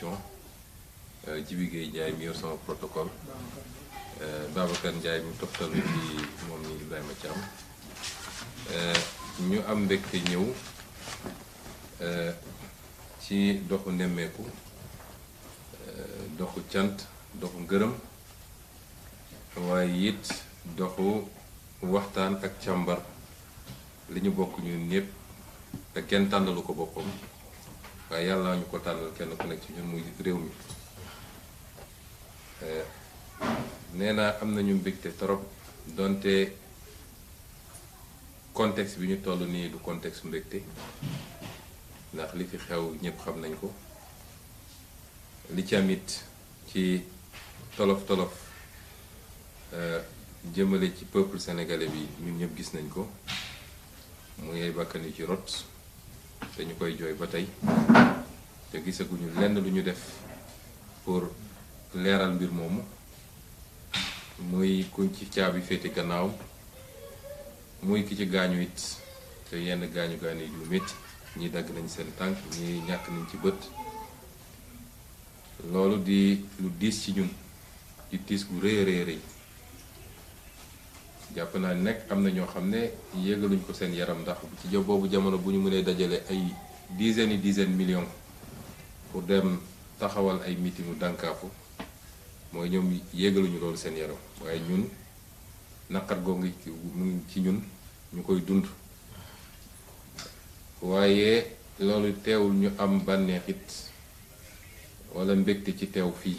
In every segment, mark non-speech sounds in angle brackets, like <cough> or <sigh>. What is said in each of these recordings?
production euh, Jibi Gueye Ndiaye mi yor sama protocole euh, Babacar Ndiaye mi toftal ci moom ni Ibrahima Thiam euh, ñu am mbégte ñëw ci doxu nemmeeku doxu cant doxu ngërëm waaye yit doxu waxtaan ak càmbar li ñu bokk ñun ñëpp te kenn tànnalu ko boppam waaye yàlla ñu ko tànnal kenn ku ci ñun muy réew mi eh, nee naa am nañu mbégte trop donte contexte bi ñu toll nii du contexte mbégte ndax li fi xew ñëpp xam nañ ko li ci am ci tolof tolof eh, jëmale ci peuple sénégalais bi ñu ñëpp gis nañ ko muy ay bàkkan yu ci rot te ñu koy jooy ba tey te gisaguñu lenn lu ñu def pour leeral mbir moomu muy kuñ ci caabi féete gannaaw muy ki ci gaañu it te yenn gaañu gaañu yu métti ñi dagg nañ seen tànk ñi ñàkk nañ ci bët loolu di lu diis ci ñun di tiis bu rëy rëy rëy jàpp naa ne nag am na ñoo xam ne yéegaluñ ko seen yaram ndax ci jo boobu jamono bu ñu mënee dajale ay dizaine yi dizaine millions pour dem taxawal ay meetingu dànkaafu mooy ñoom yéegaluñu loolu seen yaram waaye ñun naqar googu mu ci ñun ñu koy dund waaye loolu teewul ñu am bànneexit walla mbégte ci teew fii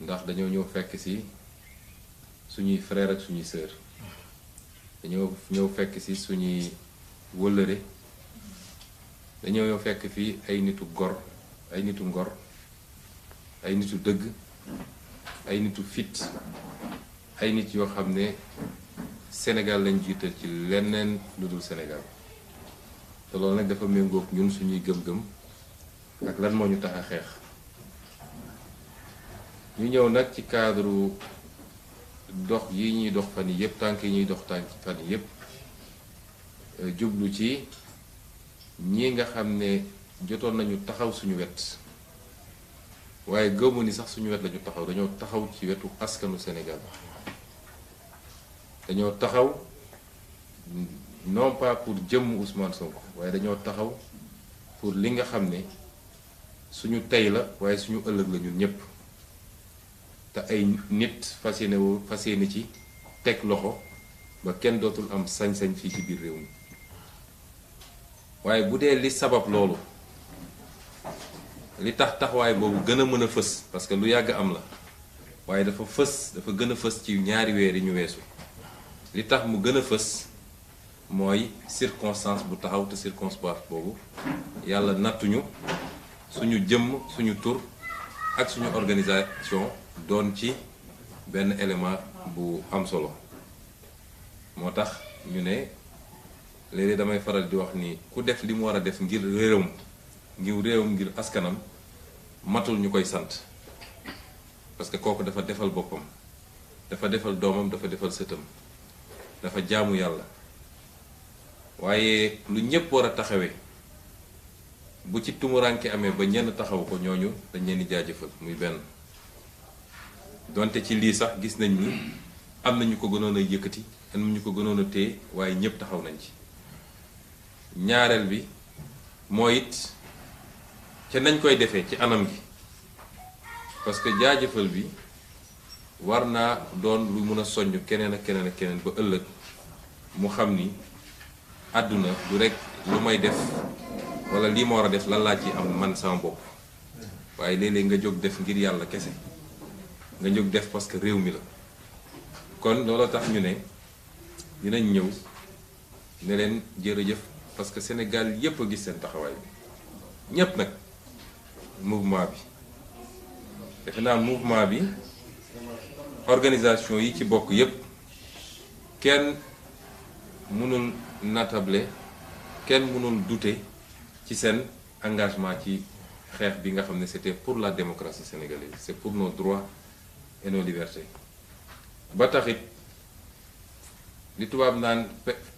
ndax dañoo ñëw fekk si suñuy frère ak suñuy sœur dañoo ñëw fekk si suñuy wëllëre dañoo ñëw fekk fii ay nitu gor ay nitu ngor ay nitu dëgg ay nitu fit ay nit yoo xam ne senegal lañ jiital ci leneen lu dul Sénégal te loolu nag dafa méngoog ñun suñuy gëm-gëm ak lan moo ñu tax a xeex ñu ñëw nag ci cadre dox yi ñuy dox fan yi yëpp tànk yi ñuy dox tànk fan yi yëpp jublu ci ñi nga xam ne jotoon nañu taxaw suñu wet waaye gëmu ni sax suñu wet lañu taxaw dañoo taxaw ci wetu askanu Sénégal dañoo taxaw non pour jëmm Ousmane Sonko waaye dañoo taxaw pour li nga xam ne suñu tey la waaye suñu ëllëg la ñun ñépp te ay nit fas yéene woo fas yéene ci teg loxo ba kenn dootul am sañ-sañ fii ci biir réew mi waaye bu dee li sabab loolu li tax taxawaay boobu gën a mën a fës parce que lu yàgg am la waaye dafa fës dafa gën a fës ci ñaari weer yi ñu weesu li tax mu gën a fës mooy circonstance bu taxaw te circonstance boobu yàlla nattuñu suñu jëmm suñu tur ak suñu organisation doon ci benn élément bu am solo moo tax ñu ne léegi damay faral di wax ni ku def li mu war a def ngir réewam ngir réewam ngir askanam matul ñu koy sant parce que kooku dafa defal boppam dafa defal doomam dafa defal sëtam dafa jaamu yàlla waaye lu ñépp war a taxawee bu ci tumuranke amee ba ñenn taxaw ko ñooñu dañ leen di jaajëfal muy benn donte ci lii sax gis nañ ni am na ñu ko gënoon a yëkkati am ñu ko gënoon a téye waaye ñépp taxaw nañ ci ñaareel bi mooy it te nañ koy defee ci anam gi parce que jaajëfal bi war naa doon lu mun a soññ keneen ak keneen ak keneen ba ëllëg mu xam ni àdduna du rekk lu may def walla lii ma war a def lan laa ci am man sama bopp waaye léeg nga jóg def ngir yàlla kese nga jóg def parce que réew mi la kon loolu tax ñu ne dinañ ñëw ne leen jërëjëf parce que Sénégal yépp a gis seen taxawaay bi ñépp nag mouvement bi defe naa mouvement bi organisation yi ci bokk yépp kenn mënul natable kenn mënul douter ci seen engagement ci xeex bi nga xam ne c'était pour la démocratie sénégalaise c'est pour nos droits et nos libertés ba taxit li tubaab naan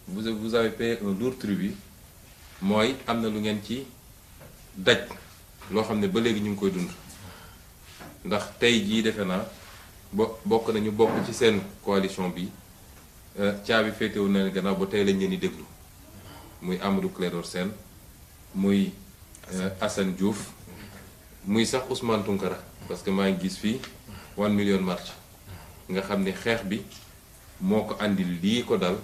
vous vous avez payé un lourd tribut mooy am na lu ngeen ci daj loo xam ne ba léegi ñu ngi koy dund ndax tey jii defe naa bo bokk nañu bokk ci seen coalition bi euh, caabi féetewu na leen gannaaw ba tey lañ leen di déglu muy Amadou Clédor Sène muy euh, Assane Diouf muy sax Ousmane Tounkara parce que maa ngi gis fii one million marche nga xam ne xeex bi moo ko indi lii ko dal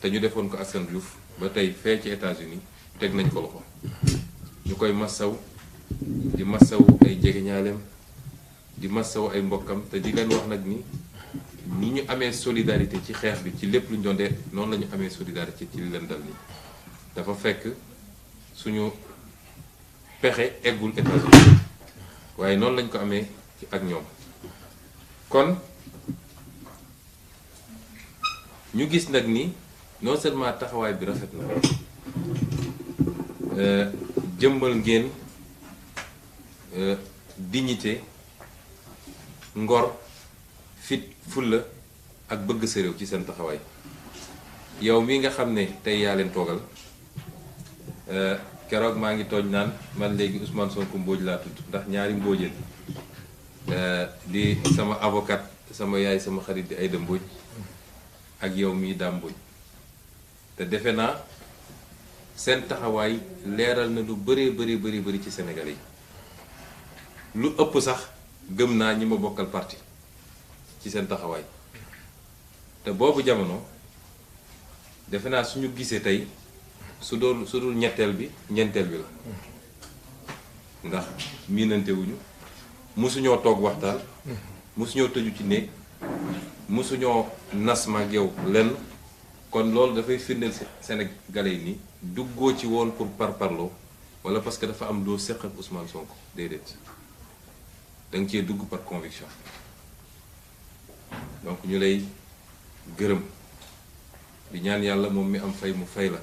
te ñu defoon ko Assane Diouf ba tey fee ci États-Unis teg nañ ko loxo ñu koy massaw di masawu ay jegeñaaleem di masawu ay mbokkam te di leen wax nag ni ni ñu amee solidarité ci xeex bi ci lépp lu ñu doon dee noonu lañu amee solidarité ci li leen dal nii dafa fekk suñu pexe eggul États-Unis waaye noonu lañ ko amee ak ñoom kon ñu gis nag ni non seulement taxawaay bi rafet na euh, jëmbal ngeen Euh, dignité ngor fit fulla ak bëgg sa ci seen taxawaay yow mi nga xam ne tey yaa leen toogal euh, keroog maa ngi tooñ naan man léegi Ousmane Sonko Mbodj laa tudd ndax ñaari Mbodjeen euh, di sama abokat sama yaay sama xarit di Aïda Mbodj ak yow mii Dame Mbodj te defe naa seen taxawaay leeral na lu bëree bëri bëri bëri ci Sénégal yi lu ëpp sax gëm naa ñi ma bokkal parti ci seen taxawaay te boobu jamono defe naa suñu gisee tey su doon su dul ñetteel bi ñeenteel bi la ndax miinante wuñu mosuñoo toog waxtaan mosuñoo tëju ci néeg mosuñoo nas ma ak yow lenn kon loolu dafay firndeel Sénégalais yi nii duggoo ci woon pour parparloo wala parce que dafa am doo séq ak Ousmane Sonko déedéet danga cee dugg par conviction donc ñu lay gërëm di ñaan yàlla moom mu am fay mu fay la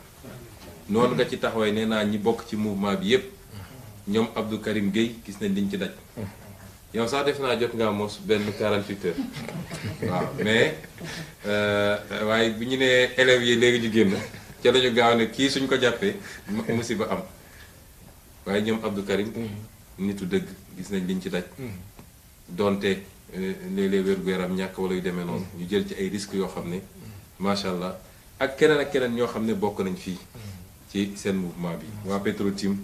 noonu nga ci taxawaay nee naa ñi bokk ci mouvement bi yépp ñoom Abdou Karim Gueye gis nañ liñ ci daj yow sax def naa jot ngaa mos benn 48 heures waaw mais euh, waaye bu ñu nee élèves yi léegi ñu génn ca lañu gaaw ne kii suñ ko jàppee musiba am waaye ñoom Abdou Karim nitu dëgg gis nañ liñ ci daj. Hmm. donte euh, léeg-léeg wér gu yaram ñàkk wala yu demee noonu. Hmm. ñu jël ci ay risques yoo xam ne. Hmm. macha allah ak keneen ak keneen ñoo xam ne bokk nañ fii. ci seen mouvement bi waa Petro Tim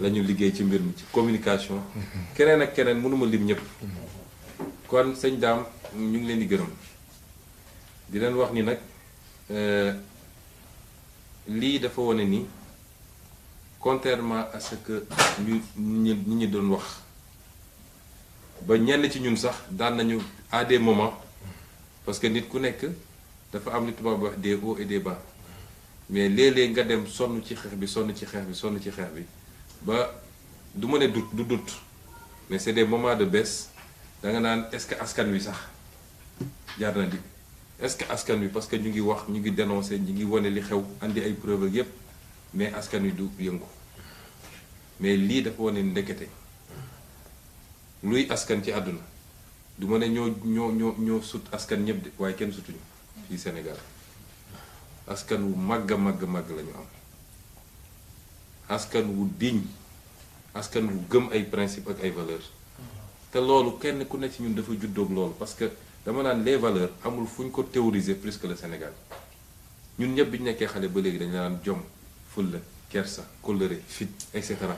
la ñu liggéey ci mbir mi ci communication keneen ak keneen mënuma lim ñëpp kon sëñ daam ñu ngi leen di gërëm di leen wax ni nag euh, lii dafa wane ni contrairement à ce que ñu ñu ñi ñu doon wax ba ñenn ci ñun sax daan nañu à des moments parce que nit ku nekk dafa am li tubaab wax des hauts et des bas mais léeg-léeg nga dem sonn ci xeex bi sonn ci xeex bi sonn ci xeex bi ba du ma ne doute du doute mais c'est des moments de baisse da nga naan est-ce que askan wi sax jaar na di est-ce askan wi parce que ñu ngi wax ñu ngi dénoncer ñu ngi wane li xew indi ay preuves yépp mais askan wi du yëngu mais lii dafa wane ndekete luy askan ci àdduna du ma ne ñoo ñoo ñoo ñoo sut askan ñëpp de waaye kenn sutuñu fii Sénégal askan wu màgg a màgg màgg la am askan wu diñ askan wu gëm ay principe ak ay valeur te loolu kenn ku ne ci ñun dafa juddoog loolu parce que dama naan les valeur amul fu ñu ko théoriser plus que le Sénégal ñun ñëpp bi ñu nekkee xale ba léegi dañu naan jom fulla kersa kóllëre fit et cetera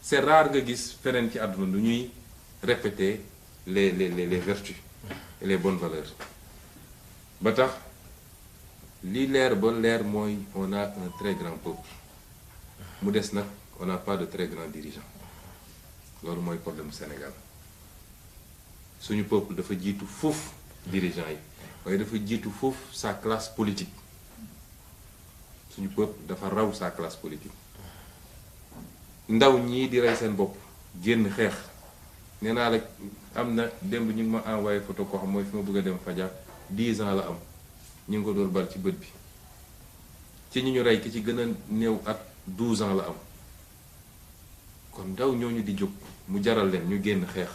c'est rare nga gis feneen ci àdduna lu ñuy répéter les les les vertus et les bonnes valeurs ba tax li leer ba leer mooy on a un très grand peuple mu des nag on n'a pas de très grands dirigeants loolu mooy problème Sénégal suñu peuple dafa jiitu foofu dirigeants yi waaye dafa jiitu foofu sa classe politique suñu peuple dafa raw sa classe politique ndaw ñii di rey seen bopp génn xeex nee naa la am na démb ñu ngi ma envoyé photo ko xam mooy fi ma bëgg a dem faja 10 ans la am ñu ngi ko door bal ci bët bi ci ñu ñu rey ki ci gën a néew at 12 ans la am kon ndaw ñooñu di jóg mu jaral leen ñu génn xeex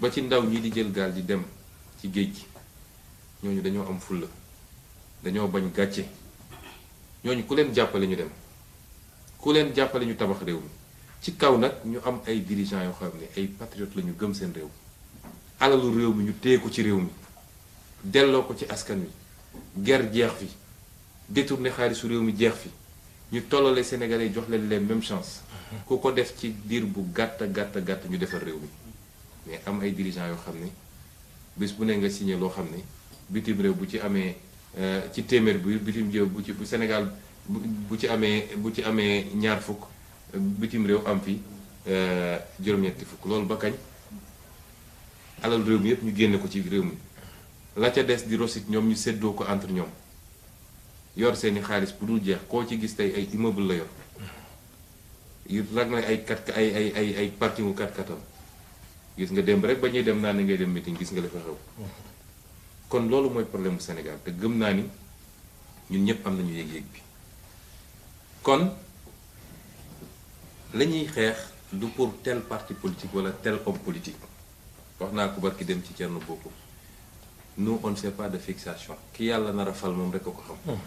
ba ci ndaw ñi di jël gaal di dem ci géej gi ñooñu dañoo am fulla dañoo bañ gàcce ñooñu ku leen jàppale ñu dem ku leen jàppale ñu tabax réew mi ci kaw nag ñu am ay dirigeants yoo xam ne ay patriotes la ñu gëm seen réew alalu réew mi ñu téye ko ci réew mi delloo ko ci askan wi ger jeex fi détourné xaalisu réew mi jeex fi ñu tollale Sénégalais jox leen leen mêmes chances ku ko def ci diir bu gàtt gàtt gàtt ñu defar réew mi mais am ay dirigeants yoo xam ne bis bu ne nga signé loo xam ne bitim réew bu ci amee. Euh, ci téeméer bi bitim réew bu ci bu Sénégal bu ci amee bu ci amee ñaar fukk euh, bitim réew am fi euh, juróom-ñetti fukk loolu ba kañ alal réew mi yëpp ñu génne ko ci réew mi la ca des di rosit ñoom ñu seddoo ko entre ñoom yor seeni xaalis bu dul jeex koo ci gis tey ay immeuble la yor yu rag na ay kat ay ay ay ay parkingu kat katam gis nga dem rek ba ñuy dem naa ne ngay dem meeting gis nga la fa kon loolu mooy problème mu Sénégal te gëm naa ni ñun ñëpp am nañu yëg-yëg bi kon la ñuy xeex du pour tel parti politique wala tel homme politique wax naa ko barki dem ci Thierno Bocoum nous on ne pas de fixation ki yàlla nar a fal moom rek a ko xam. Hmm.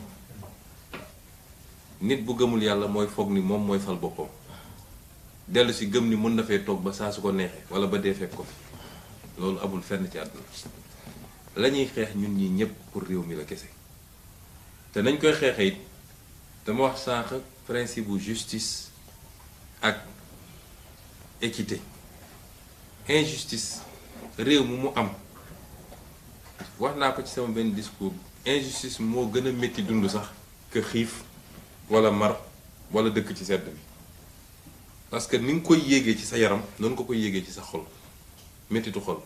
nit bu gëmul yàlla mooy foog ni moom mooy fal boppam dellu si gëm ni mën na fee toog ba saa su ko neexee wala ba dee fekk ko fi loolu amul fenn ci àdduna. lañuy xeex ñun ñii ñëpp pour réew mi la kese te nañ koy xeexee it dama wax sànq principe bu justice ak équité injustice réew mi mu am wax naa ko ci sama benn discours injustice moo gën a métti dund sax que xiif walla mar walla dëkk ci sedd bi parce que ni nga koy yéegee ci sa yaram noonu ko koy yéegee ci sa xol méttitu xol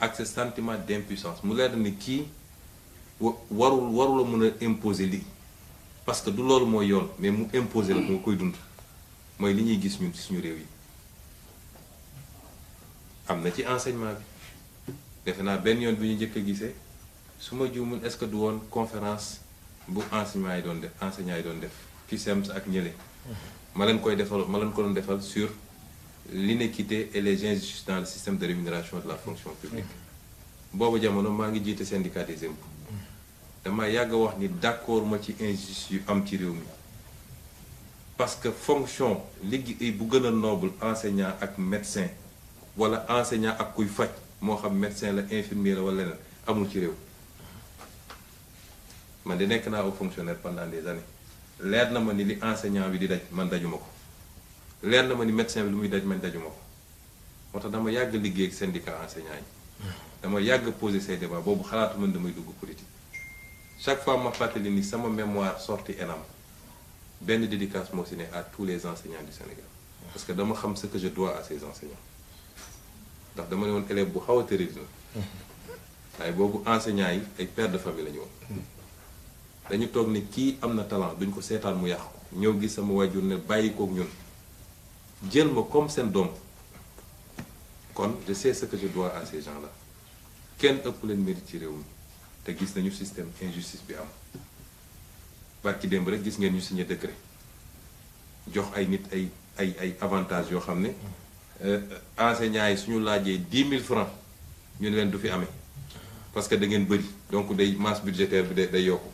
ak ce sentiment d'impuissance mu leer ni kii warul warula mun a imposer lii parce que du loolu mooy yoon mais mu imposer la nga koy dund mooy li ñuy gis ñun ci suñu réew yi am na ci enseignement bi defe naa benn yoon bi ñu njëkk a gisee su ma juumul est-ce que du woon conférence bu enseignement yi doon def enseignant yi doon def CUSEMS ak ñële ma leen koy defal ma leen ko doon defal sur l'inéquité et les injustices dans le système de rémunération de la fonction publique boobu jamono maa ngi jiite syndicat des impôts dama yàgg wax ni d'accord ci injustice yu am ci réew mi parce que fonction liggéey bu gën a noble enseignant ak médecin wala enseignant ak kuy faj moo xam médecin la infirmier la wala leneen amul ci réew man di nekk naa aw fonctionnaire pendant des années leer na ma ni li enseignant bi di daj man dajuma ko leer na ma ni médecin bi lu muy daj man daju ma ko moo tax dama yàgg liggéey ak syndicat enseignant yi dama yàgg poser ces débats boobu xalaatu man damay dugg politique chaque fois ma fàttali ni sama mémoire sorti ENAM benn dédicace moo si ne à tous les enseignants du Sénégal parce que dama xam ce que je dois à ces enseignants ndax dama ne woon élève bu xaw a tëri dina waaye boobu enseignants yi ay pères de famille la ñu woon dañu toog ni kii am na talent duñ ko seetaan mu yàqu ñëw gis sama waajur ne bàyyi kook ñun jël ma comme seen doom kon je sais ce que je dois à ces gens là kenn ëpp leen mérite ci réew mi te gis nañu système injustice bi am barki démb rek gis ngeen ñu signé décret jox ay nit ay ay ay avantages yoo xam ne euh, enseignants yi suñu laaj laajee dix mille francs ñu ne leen du fi amee parce que da ngeen bëri donc day masse budgétaire bi day yokku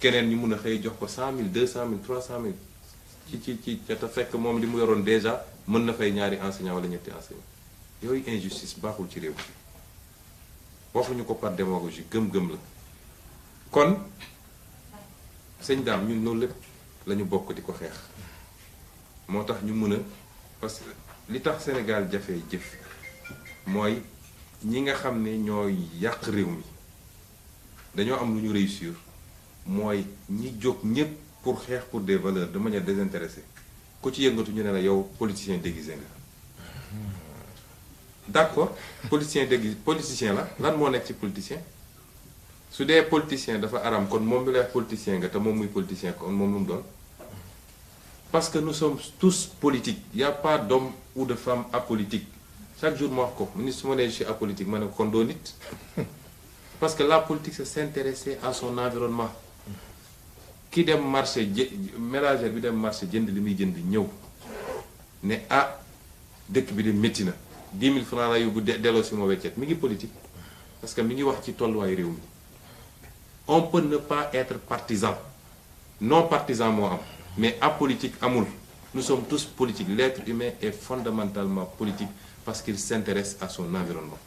keneen ñu mun a xëy jox ko cent mille deux cent mille trois cent mille ci ci ci te fekk moom li mu yoroon déjà mën na fay ñaari enseignant wala ñetti enseignant yooyu injustice baaxul ci réew mi waxuñu ko par démagogie gëm-gëm la kon sëñ daam ñun loolu lépp la ñu bokk di ko xeex moo tax ñu mën a parce que li tax Sénégal jafe jëf mooy ñi nga xam ne ñooy yàq réew mi dañoo am lu ñu réussir mooy ñi jóg ñépp pour xeex pour des valeurs de manière désintéressée ku ci yëngatu ñu ne la yow politicien déguisé nga hmm. d'accord politicien déguisé politicien la lan moo nekk ci politicien su dee politicien dafa aram kon moom mi lay politicien nga te moom muy politicien kon moom lu mu doon parce que nous sommes tous politiques il y a pas d'homme ou de femme apolitique chaque jour ma wax ko ni su ma nee je suis ma ne kon doo nit <laughs> parce que la politique c'est s'intéresser à ki dem marché jë mélangère bi dem marché jënd li muy jënd ñëw ne ah dëkk bi de métti na 10 000 francs la yóbbu delloo si ma weccet mi ngi politique parce que mi ngi wax ci tolluwaay réew mi on peut ne pas être partisan non partisan moo am mais apolitique amul nous sommes tous politiques l'être humain est fondamentalement politique parce qu'il s'intéresse à son environnement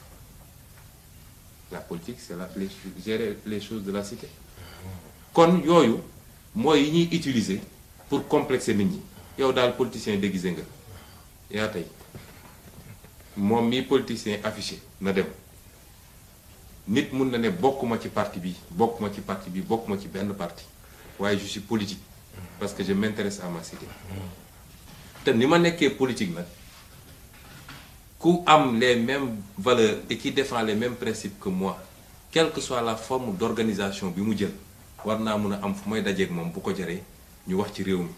la politique c'est la les gérer les choses de la cité kon yooyu mooy yi ñuy utiliser pour complexer nit ñi yow daal politicien déguisé nga yaa tey moom mii politicien affiché na dem nit mun na ne bokkuma ci parti bi bokkuma ci parti bi bokkuma ci benn parti waaye je suis politique parce que je m'intéresse à ma cité te ni ma nekkee politique nag ku am le même valeur et qui défend les mêmes principes que moi quelle que soit la forme d'organisation bi mu jël war naa mun a am fu may dajeeg moom bu ko jaree ñu wax ci réew mi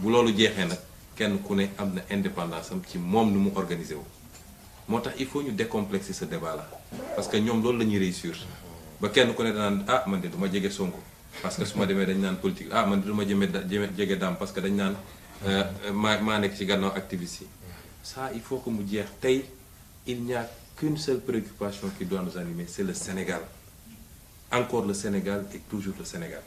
bu loolu jeexee nag kenn ku ne am na indépendance am ci moom nu mu organiser wu. moo tax il faut ñu décomplexer sa débat là parce que ñoom loolu la ñuy réussir ba kenn ku ne danaan ah man de du ma jege Sonko parce que su ma demee dañ naan politique ah man de du ma jëmee jege daam parce que dañ naan euh, maa maa nekk ci gànnaaw activiste yi ça il faut que mu jeex tey il n'y a qu'une seule préoccupation qui doit nous Sénégal encore le Sénégal et toujours le Sénégal.